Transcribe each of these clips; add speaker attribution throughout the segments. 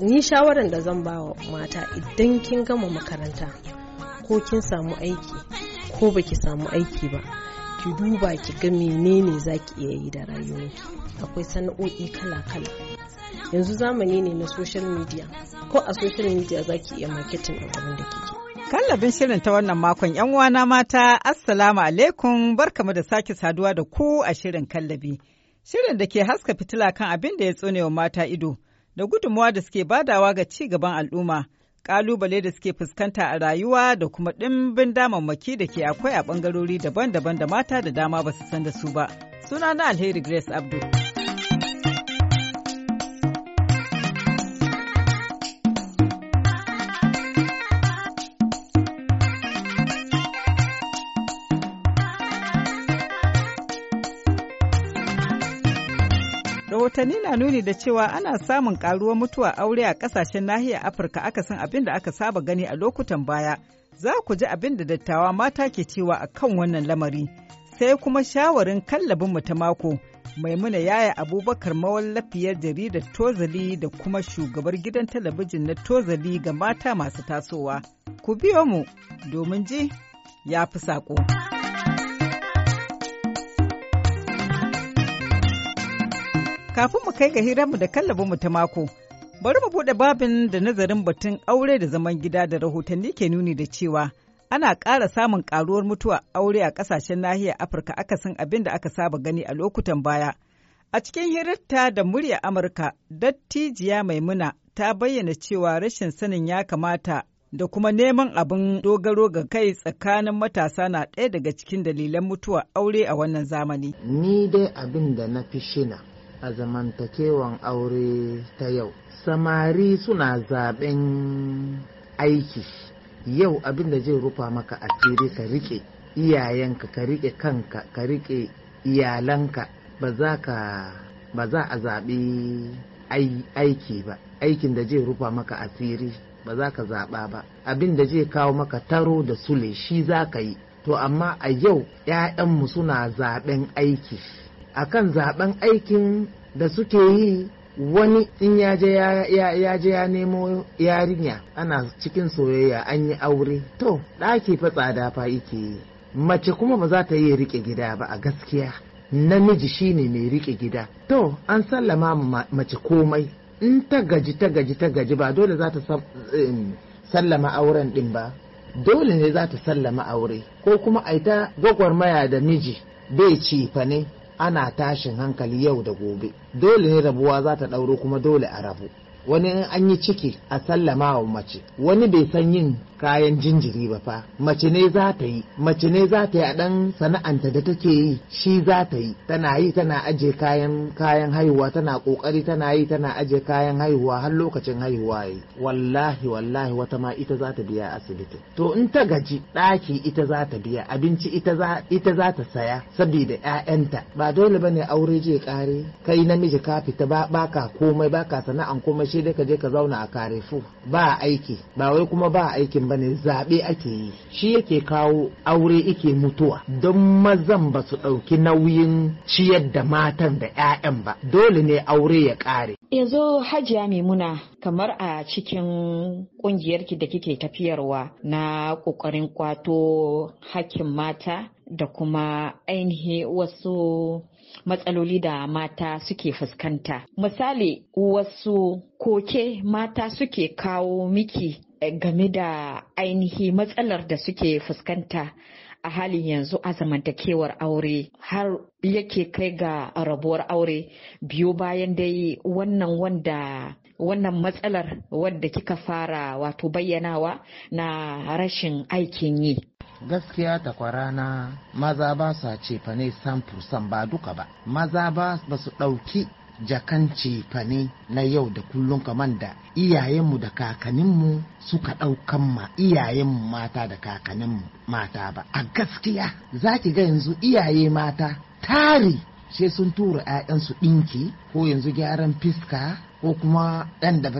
Speaker 1: ni shawaran da zan ba wa mata idan kin gama makaranta ko kin samu aiki ko ba ki samu aiki ba ki duba ki ga menene za ki iya yi da rayuwarki akwai sana'o'i kala-kala yanzu zamani ne na social media ko a social media za ki iya marketing abin da kike Kallabin shirin ta
Speaker 2: wannan makon ‘yan uwana mata, Assalamu alaikum, barkamu da sake saduwa da ku a shirin kallabi. Shirin da ke haska fitila kan abin da ya wa mata ido, da gudunmawa da suke badawa ga ci gaban al'umma, ƙalubale da suke fuskanta a rayuwa da kuma ɗimbin damammaki da ke akwai a ɓangarori daban-daban da mata da dama ba su san da su ba. Sunana Alheri Grace Abdul. rahotanni na nuni da cewa ana samun karuwar mutuwa aure a kasashen nahiyar afirka akasin abin da aka saba gani a lokutan baya za ku ji abin da dattawa mata ke cewa a kan wannan lamari sai kuma shawarin kallabin mu ta mako maimuna yaya abubakar mawallafiyar jaridar tozali da kuma shugabar gidan talabijin na tozali ga mata masu tasowa ku biyo mu domin ji ya fi saƙo. Kafin mu kai ga mu da kallabin mu ta mako, bari mu buɗe babin da nazarin batun aure da zaman gida da rahotanni ke nuni da cewa ana ƙara samun ƙaruwar mutuwa aure a ƙasashen nahiyar Afirka akasin abin da aka saba gani a lokutan baya. A cikin hirarta da murya Amurka, dattijiya Maimuna ta bayyana cewa rashin sanin ya kamata da kuma neman abin dogaro ga kai tsakanin matasa na ɗaya daga cikin dalilan mutuwa aure a wannan zamani.
Speaker 3: Ni dai abin da na fi shina a zamantakewan aure ta yau samari suna zaben aiki yau abin da zai rufa maka asiri ka rike iyayenka ka rike kanka ka rike iyalanka ba za ka ba za a zaɓi aiki ba aikin da zai rufa maka asiri ba za ka zaɓa ba abin da zai kawo maka taro da sule shi za ka yi to amma a yau 'ya'yanmu suna zaɓen aiki a kan zaben aikin da suke yi wani in ya ya je ya nemo yarinya ana cikin soyayya an yi aure to ɗaki fa tsada fa yake yi mace kuma ba za ta yi rike gida ba a gaskiya namiji shine mai rike gida to an sallama mace komai in ta gaji ta gaji ta gaji ba dole za ta sallama auren din ba dole ne za ta sallama aure ko kuma aita gwagwarmaya da miji bai ci fa ne ana tashin hankali yau da gobe dole ne rabuwa za ta ɗauro kuma dole a rabu wani in an yi ciki a sallama wa mace wani bai san yin kayan jinjiri ba fa mace ne za ta yi mace ne za ta yi a ɗan sana'anta da take yi shi za ta yi tana yi tana aje kayan kayan haihuwa tana kokari tana yi tana aje kayan haihuwa har lokacin haihuwa yi wallahi wallahi wata ma ita za ta biya asibiti to in ta gaji ɗaki ita za ta biya abinci ita za ita za ta saya saboda ƴaƴanta ba dole bane aure je kare kai namiji ka fita ba baka komai baka sana'an komai shi dai ka je ka zauna a karefu ba aiki ba wai kuma ba aikin ba. bane zaɓe ake yi shi yake kawo aure ike mutuwa don mazan ba su ɗauki nauyin ciyar da matan da 'ya'yan ba dole ne aure ya ƙare
Speaker 4: yanzu hajiya maimuna kamar a cikin ƙungiyarki da kike tafiyarwa na ƙoƙarin kwato hakkin mata da kuma ainihi wasu matsaloli da mata suke fuskanta. Misali wasu koke mata suke kawo miki game da ainihi matsalar da suke fuskanta a halin yanzu a zamantakewar aure har yake kai ga rabuwar aure biyu bayan dai wannan wanda wannan matsalar wadda kika fara wato bayyanawa na rashin aikin yi
Speaker 3: gaskiya na maza ba sa ce fa ne san ba duka ba maza ba su ɗauki jakan cefane na yau da kullum kamar da iyayenmu da kakaninmu suka ɗaukan ma iyayenmu mata da kakaninmu mata ba a gaskiya za ki ga yanzu iyaye mata tari sai sun tura 'ya'yansu ɗinki ko yanzu gyaran fiska ko kuma ɗan da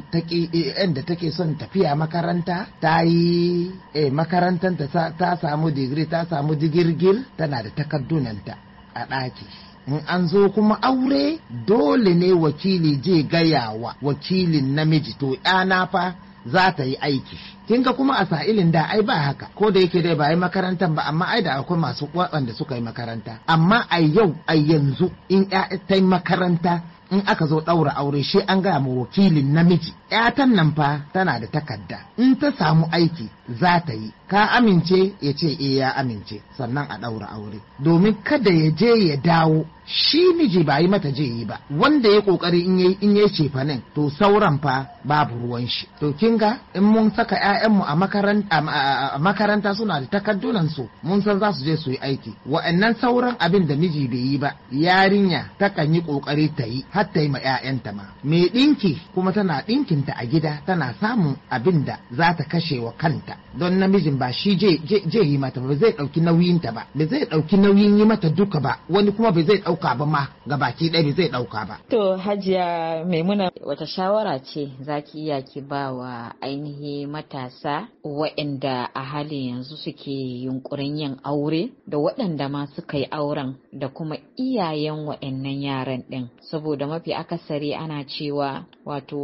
Speaker 3: take son tafiya makaranta ta yi eh, makarantar ta samu digiri ta samu digirgir tana da takardunanta a ɗaki in an zo kuma aure dole ne wakili je gayawa wakilin namiji to yana fa za ta yi aiki kin ga kuma a sa'ilin da ai ba haka ko da yake dai ba yi makaranta ba amma ai da akwai masu waɗanda suka yi makaranta amma a yau a yanzu in ta makaranta in aka zo ɗaura aure shi an gaya ma wakilin namiji ƴatan nan fa tana da takarda in ta samu aiki za ta yi ka amince ya ce e ya amince sannan a ɗaura aure domin kada ya je ya dawo shi miji ba yi mata je yi ba wanda ya kokari in yi in yayi cefanen to sauran fa babu ruwan shi to kin ga in mun saka ƴaƴanmu a makaranta a makaranta suna da takaddunan su mun san za su je su yi aiki wa'annan sauran abin da miji bai yi ba yarinya takan yi kokari ta yi har ta yi ma 'ya'yanta ma me ɗinki kuma tana ta a gida tana samun abin da za ta kashe wa kanta don namijin ba shi je yi mata ba zai ɗauki nauyinta ba ba zai ɗauki nauyin yi mata duka ba wani kuma ba zai ɗauka ba ma gabaki ɗaya ba zai ɗauka ba.
Speaker 4: to hajiya maimuna wata shawara ce za ki iya ki ba wa ainihi matasa waɗanda a hali yanzu suke yunkurin yin aure da waɗanda ma suka yi auren da kuma iyayen waɗannan yaran ɗin saboda mafi akasari ana cewa wato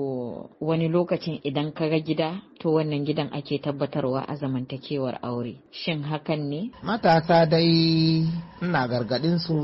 Speaker 4: wani lokacin idan ka ga gida to wannan gidan ake tabbatarwa a zamantakewar aure shin hakan ne
Speaker 3: matasa dai ina gargadin su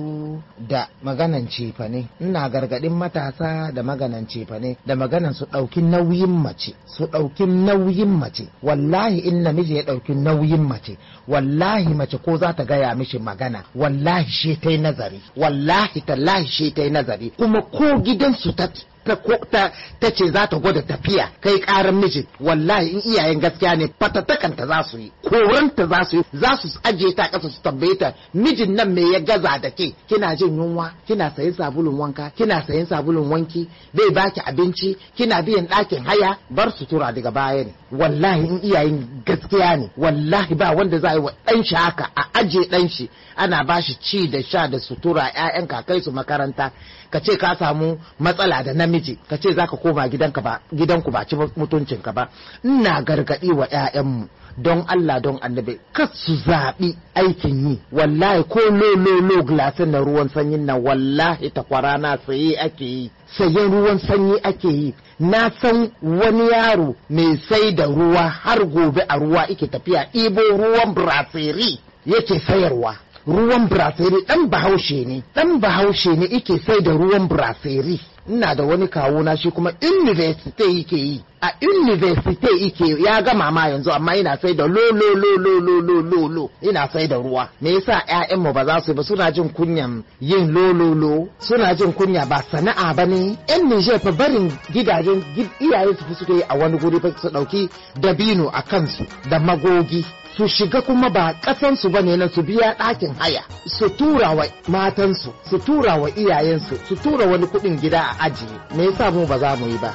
Speaker 3: da maganan cefa ne ina gargadin matasa da maganan cefa ne da maganan su ɗauki nauyin mace su ɗauki nauyin mace wallahi in namiji ya ɗauki nauyin mace wallahi mace ko za ta gaya mishi magana wallahi shi ta yi nazari wallahi tallahi shi ta yi nazari kuma ko gidansu ta ta ce za ta gwada tafiya kai karan mijin wallahi in iyayen gaskiya ne fatatakanta za su yi koranta za su yi za su ajiye ta kasa su tambaye ta mijin nan me ya gaza da ke kina jin yunwa kina sayen sabulun wanka kina sayen sabulun wanki bai baki abinci kina biyan ɗakin haya bar sutura daga baya ne wallahi in iyayen gaskiya ne wallahi ba wanda za a yi wa ɗan shi haka a ajiye ɗan shi ana ba shi ci da sha da sutura 'ya'yan kakai su makaranta ka ce ka samu matsala da namiji ka ce zaka koma gidanka ba gidanku ba ci mutuncinka ba ina gargaɗi wa 'ya'yanmu don Allah don annabi kas su zaɓi aikin yi wallahi ko lololo glasin na ruwan sanyi na wallahi takwara na saye ake yi sayen ruwan sanyi ake yi na san wani yaro mai sai da ruwa har gobe a ruwa ike tafiya ibo ruwan brasiri yake sayarwa ruwan brasiri dan bahaushe ne dan bahaushe ne ike sai da ruwan brasiri ina da wani kawo na shi kuma university yake yi a university yake ya gama ma yanzu amma ina sai da lo lo lo ina sai da ruwa me yasa ƴaƴan mu ba za su ba suna jin kunyan yin lo suna jin kunya ba sana'a ba ne ƴan Niger fa barin gidajen iyaye su fi suke yi a wani guri fa su ɗauki dabino a kansu da magogi su shiga kuma ba ƙasansu ba ne na su biya ɗakin haya su tura wa matansu su tura wa iyayensu su tura wani kuɗin gida a ajiye me yasa mu ba za mu yi ba.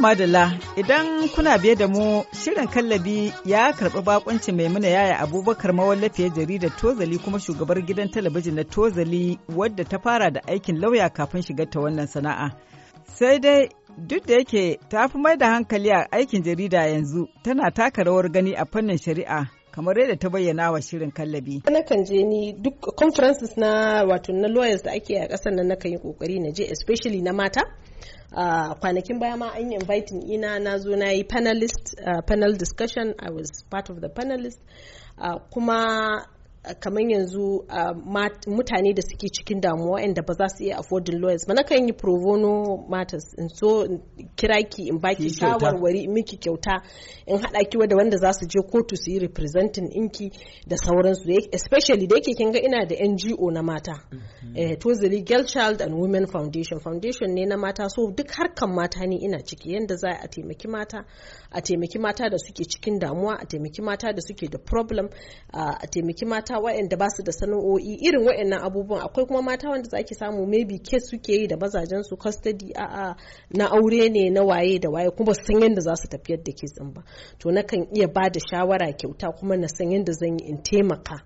Speaker 2: madalla idan kuna biye da mu shirin kallabi ya karɓi bakunci maimuna yaya abubakar mawallafiya jaridar tozali kuma shugabar gidan talabijin na tozali wadda ta fara da aikin lauya kafin shigar ta wannan sana'a sai dai duk da yake ta fi mai da hankali a aikin jarida yanzu tana taka rawar gani a fannin shari'a
Speaker 1: kamar yadda ta bayyana wa shirin kallabi. Na kan je ni duk conferences na wato na lawyers da ake a ƙasar nan nakan yi kokari na je especially na mata. Uh, kwanakin baya ma an yi inviting ina na zo na yi panelist uh, panel discussion I was part of the panelist uh, kuma kamar yanzu mutane da suke cikin damuwa inda ba za su iya affordin lawyers ba nakan yi pro bono matters in so kiraki in baki shawarwari miki kyauta in haɗa ki da wanda za su je kotu su yi representing inki da sauransu especially da yake kinga ina da NGO na mata mm-hmm. eh, zili Girl Child and Women Foundation foundation ne na mata so duk harkan mata ne ina ciki yanda za a taimaki mata a taimaki mata da suke cikin damuwa a taimaki mata da suke da problem a taimaki mata mata waɗanda ba su da sana'o'i irin waɗannan abubuwan akwai kuma mata wanda zaki samu maybe ke suke yi da mazajen su custody a a na aure ne na waye da waye kuma san yadda za su tafiyar da kes ba to nakan iya ba da shawara kyauta kuma na san yadda zan yi in taimaka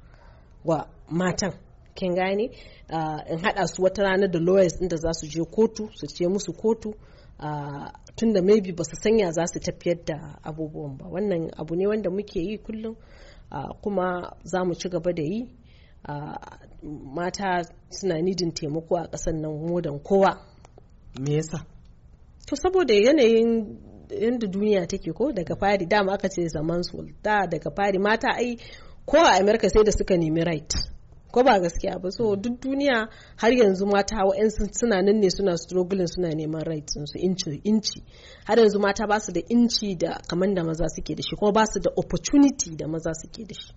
Speaker 1: wa matan kin gane ah, in haɗa su wata rana da lawyers inda za su je kotu su ce musu kotu ah, tunda maybe ba su sanya za su tafiyar da abubuwan ba wannan abu ne wanda muke yi kullum kuma za mu ci gaba da yi mata suna nidin taimako a ƙasar nan modan kowa me yasa to saboda yanayin yadda duniya take ko daga fari dama aka ce zaman da daga fari mata ai ko a america sai da suka nemi right ko ba gaskiya ba so mm. duk duniya har yanzu mata wa'yansu suna nan ne suna struggling suna neman rights su inci inci har yanzu mata basu da inci da kamar da maza suke da shi kuma ba da opportunity da maza suke da shi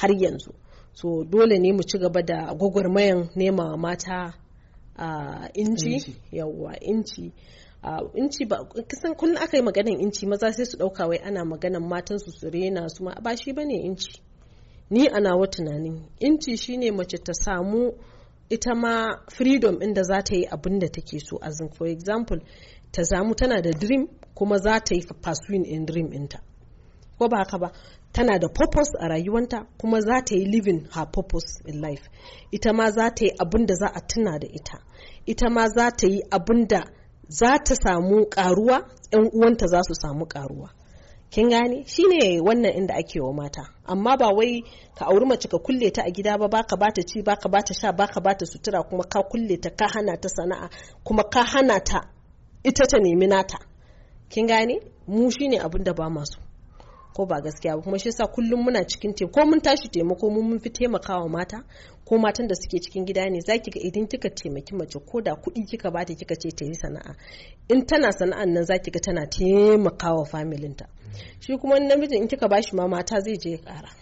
Speaker 1: har yanzu so dole ne mu ci gaba da gwagwarmayan nema mata uh, inci yawwa inci Uh, inci ba kusan kullum aka yi maganan inci maza sai su dauka wai ana maganan matansu su su rena su ma ba shi bane inci ni a nawa tunanin inci shine mace ta samu ita ma freedom inda da za ta yi abin da take so as in for example ta samu tana da dream kuma za ta yi pursuing in dream inta ko ba haka ba tana da purpose a rayuwanta kuma za ta yi living her purpose in life ita ma za ta yi abin da za a tuna da ita ita ma za ta yi abin da za ta samu karuwa yan uwanta za su samu karuwa kin gane shine wannan inda ake wa mata amma ba wai ka auri mace ka kulle ta a gida ba baka bata ci baka bata sha baka bata sutura kuma ka kulle ta ka hana ta sana'a kuma ka hana ta ita ta nemi nata kin gane mu shine abin da ba masu ko ba gaskiya ba kuma shi yasa kullum muna cikin te ko mun tashi taimako mun mun fi taimakawa mata ko matan da suke cikin gida ne zaki ga idan kika taimaki mace ko da kuɗi kika bata kika ce ta yi sana'a in tana sana'an nan zaki ga tana taimakawa familinta shi kuma namijin in kika bashi ma mata zai je ƙara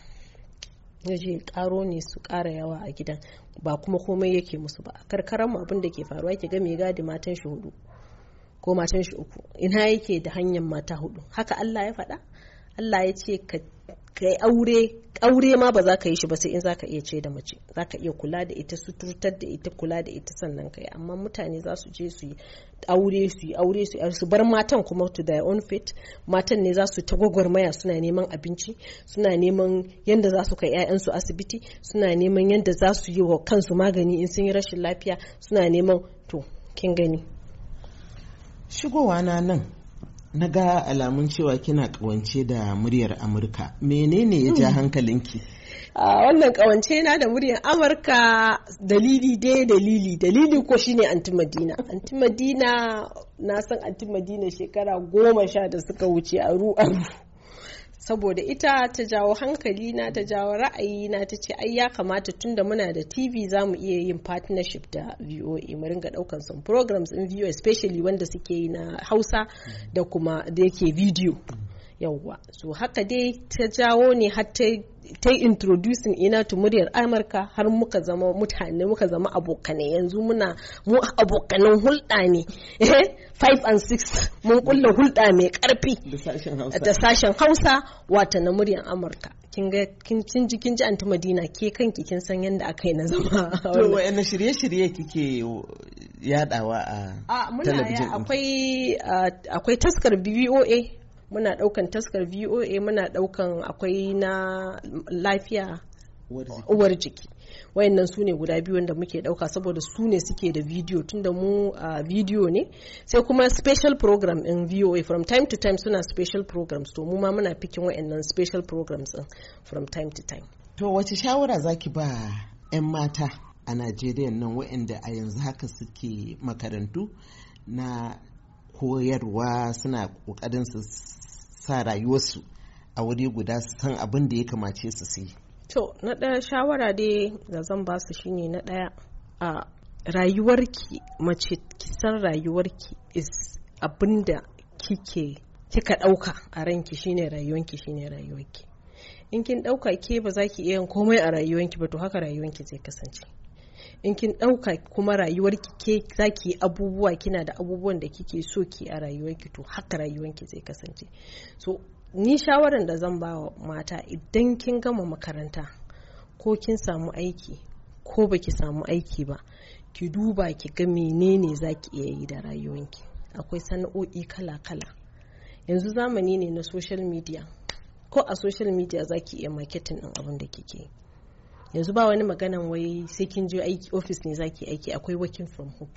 Speaker 1: yaje karo ne su kara yawa a gidan ba kuma komai yake musu ba karkaran abin da ke faruwa ki ga mai gadi matan shi hudu ko matan shi uku ina yake da hanyar mata hudu haka Allah ya faɗa Allah ya ce ka kai aure aure ma ba za ka yi shi ba sai in za ka iya ce da mace za ka iya kula da ita suturtar da ita kula da ita sannan kai amma mutane za su je su yi aure su yi aure su su bar matan kuma to their own fate matan ne za su ta gwagwarmaya suna neman abinci suna neman yadda za su kai 'ya'yansu asibiti suna neman yadda za su yi wa kansu magani in sun yi rashin lafiya suna neman to kin gani
Speaker 3: shigowa na nan na ga alamun cewa kina kawance da muryar amurka menene ya ja hmm. hankalinki
Speaker 1: a wannan kawance na da muryar amurka dalili dai dalili dalili ko shine anti madina anti madina na san anti madina shekara goma sha da suka wuce a ru'aru saboda ita ta jawo hankali na ta jawo ra'ayi na ta ce ai ya kamata tunda muna da tv za mu iya yin partnership da voa mu ringa daukan some programs in voa especially wanda suke yi na hausa da kuma da yake video yauwa so haka dai ta jawo ne har ta introducing ina to muryar amurka har muka zama mutane muka zama abokane yanzu muna mu abokanan hulɗa ne 5 eh, and 6 mun kulla hulɗa mai ƙarfi da sashen hausa wata na muryar amurka kin kin ji kin ji anta madina ke kanki kin san yadda aka yi na zama to wayanne shirye-shirye
Speaker 3: kike yadawa a talabijin
Speaker 1: akwai akwai taskar BBOA muna daukan taskar voa muna daukan akwai na lafiya uwar jiki wayannan su ne guda biyu wanda muke dauka saboda su ne suke da bidiyo tunda mu a ne sai kuma special program in VOA from time to time suna special programs to mu ma muna fikin wayannan special programs din
Speaker 3: from time to time to wace shawara zaki ba 'yan mata a Najeriya nan wayanda a yanzu haka suke makarantu na koyarwa suna ƙoƙarin su sa rayuwarsu a wuri guda su san abin da ya kamace su yi.
Speaker 1: To, na ɗaya shawara dai da zan ba su shine na ɗaya a rayuwarki mace kisan rayuwarki is abin da kike kika ɗauka a ranki shine rayuwarki shine rayuwarki. In kin ɗauka ke ba za ki iya komai a rayuwarki ba to haka rayuwarki zai kasance. in kin ɗauka kuma rayuwar ki ke za ki abubuwa kina da abubuwan da kike so ki a rayuwarki to haka rayuwarki zai kasance so ni shawaran da zan ba mata idan kin gama makaranta ko kin samu aiki ko baki samu aiki ba ki duba ki ga menene za ki iya yi da rayuwanki akwai sana'o'i kala-kala yanzu zamani ne na social media ko a social media za ki iya marketing ɗin abin da kike yi yanzu ba wani maganan wai sai kin je aiki office ne zaki aiki akwai working from home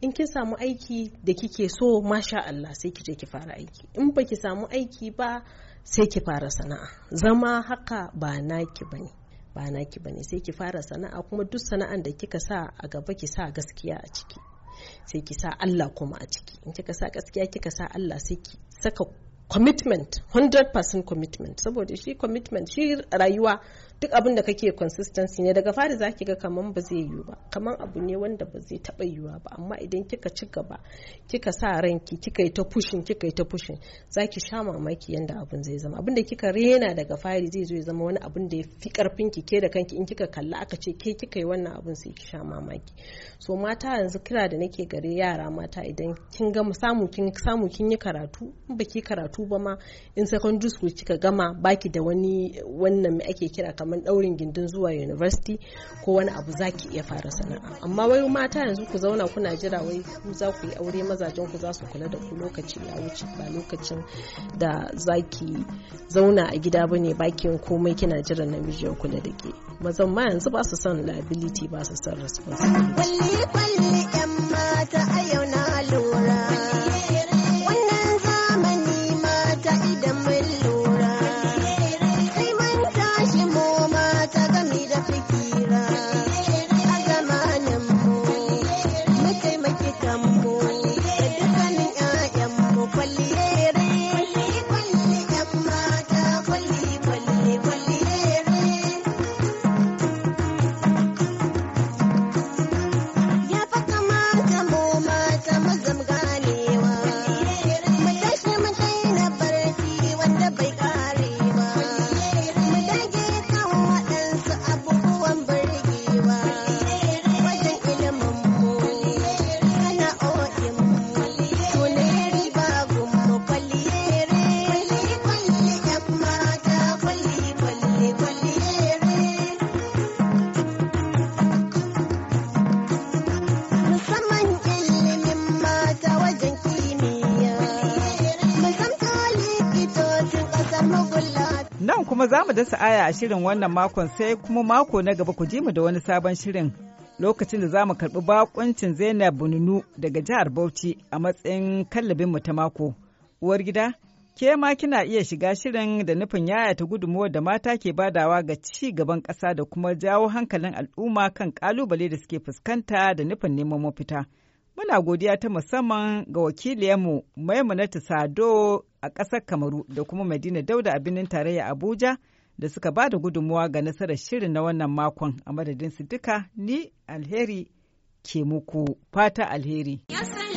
Speaker 1: in kin samu aiki da kike so masha Allah sai ki je ki fara aiki in baki samu aiki ba sai ki fara sana'a zama haka ba naki bane ba naki bane sai ki fara sana'a kuma duk sana'an da kika sa a gaba ki sa gaskiya a ciki sai ki sa Allah kuma a ciki in kika sa gaskiya kika sa Allah sai ki saka commitment 100% commitment saboda shi commitment shi rayuwa duk abin da kake consistency ne daga fari zaki ga kaman ba zai yiwu ba kaman abu ne wanda ba zai taba yiwuwa ba amma idan kika ci gaba kika sa ranki kika yi ta pushin kika yi ta pushin zaki sha mamaki yanda abin zai zama abin da kika rena daga fari zai zo ya zama wani abin da ya fi karfin ki ke da kanki in kika kalla aka ce ke kika yi wannan abin sai ki sha mamaki so mata yanzu kira da nake gare yara mata idan kin gama samu kin samu kin yi karatu in baki karatu ba ma in secondary school kika gama baki da wani wannan me ake kira kamar kamar daurin gindin zuwa university ko wani abu za ki iya fara sana'a amma wai mata yanzu ku zauna kuna jira wai ku za ku yi aure mazajen ku za su kula da ku lokaci ya wuce ba lokacin da za ki zauna a gida ba ne bakin komai kina jira namiji ya kula da ke mazan ma yanzu ba su son liability ba su son responsibility.
Speaker 5: Kwalli kwalli 'yan mata a yau
Speaker 2: da sa'aya a shirin wannan makon sai kuma mako na gaba ku ji mu da wani sabon shirin lokacin da za mu karɓi bakuncin Zainab Bununu daga jihar Bauchi a matsayin kallabin mu ta mako. Uwar gida, ke ma kina iya shiga shirin da nufin yaya ta gudunmuwar da mata ke badawa ga ci gaban ƙasa da kuma jawo hankalin al'umma kan ƙalubale da suke fuskanta da nufin neman mafita. Muna godiya ta musamman ga wakiliyarmu Maimunatu Sado a ƙasar Kamaru da kuma Madina Dauda a birnin tarayya Abuja. da suka ba da gudunmuwa ga nasarar shirin na wannan makon a madadinsu duka ni alheri ke muku fata alheri. Yes,